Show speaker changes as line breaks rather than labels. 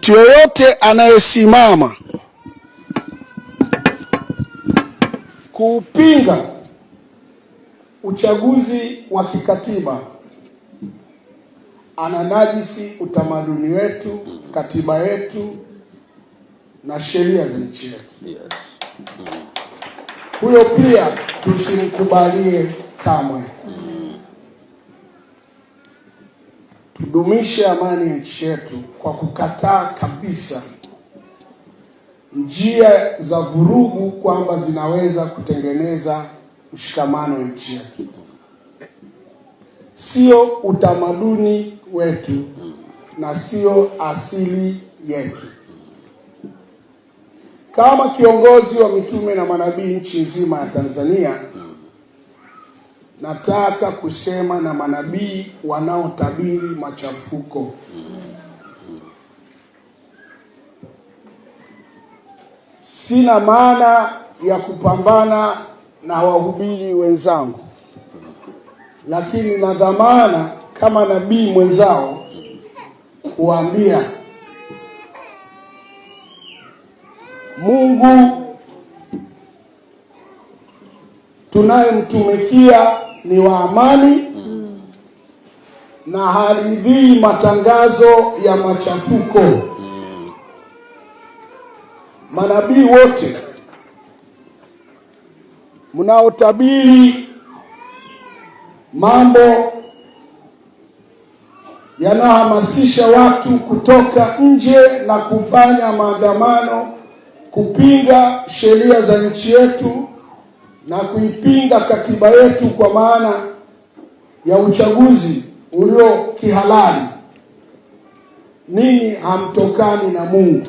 Mtu yoyote anayesimama kuupinga uchaguzi wa kikatiba ananajisi utamaduni wetu, katiba yetu na sheria za nchi yetu. Huyo pia tusimkubalie kamwe. Tudumishe amani ya nchi yetu kwa kukataa kabisa njia za vurugu kwamba zinaweza kutengeneza mshikamano nchi yetu. Sio utamaduni wetu na sio asili yetu. Kama kiongozi wa mitume na manabii nchi nzima ya Tanzania nataka kusema na manabii wanaotabiri machafuko. Sina maana ya kupambana na wahubiri wenzangu, lakini na dhamana kama nabii mwenzao kuambia Mungu tunayemtumikia ni wa amani na haridhii matangazo ya machafuko Manabii wote mnaotabiri mambo yanayohamasisha watu kutoka nje na kufanya maandamano kupinga sheria za nchi yetu na kuipinga katiba yetu kwa maana ya uchaguzi ulio kihalali. Ninyi hamtokani na Mungu.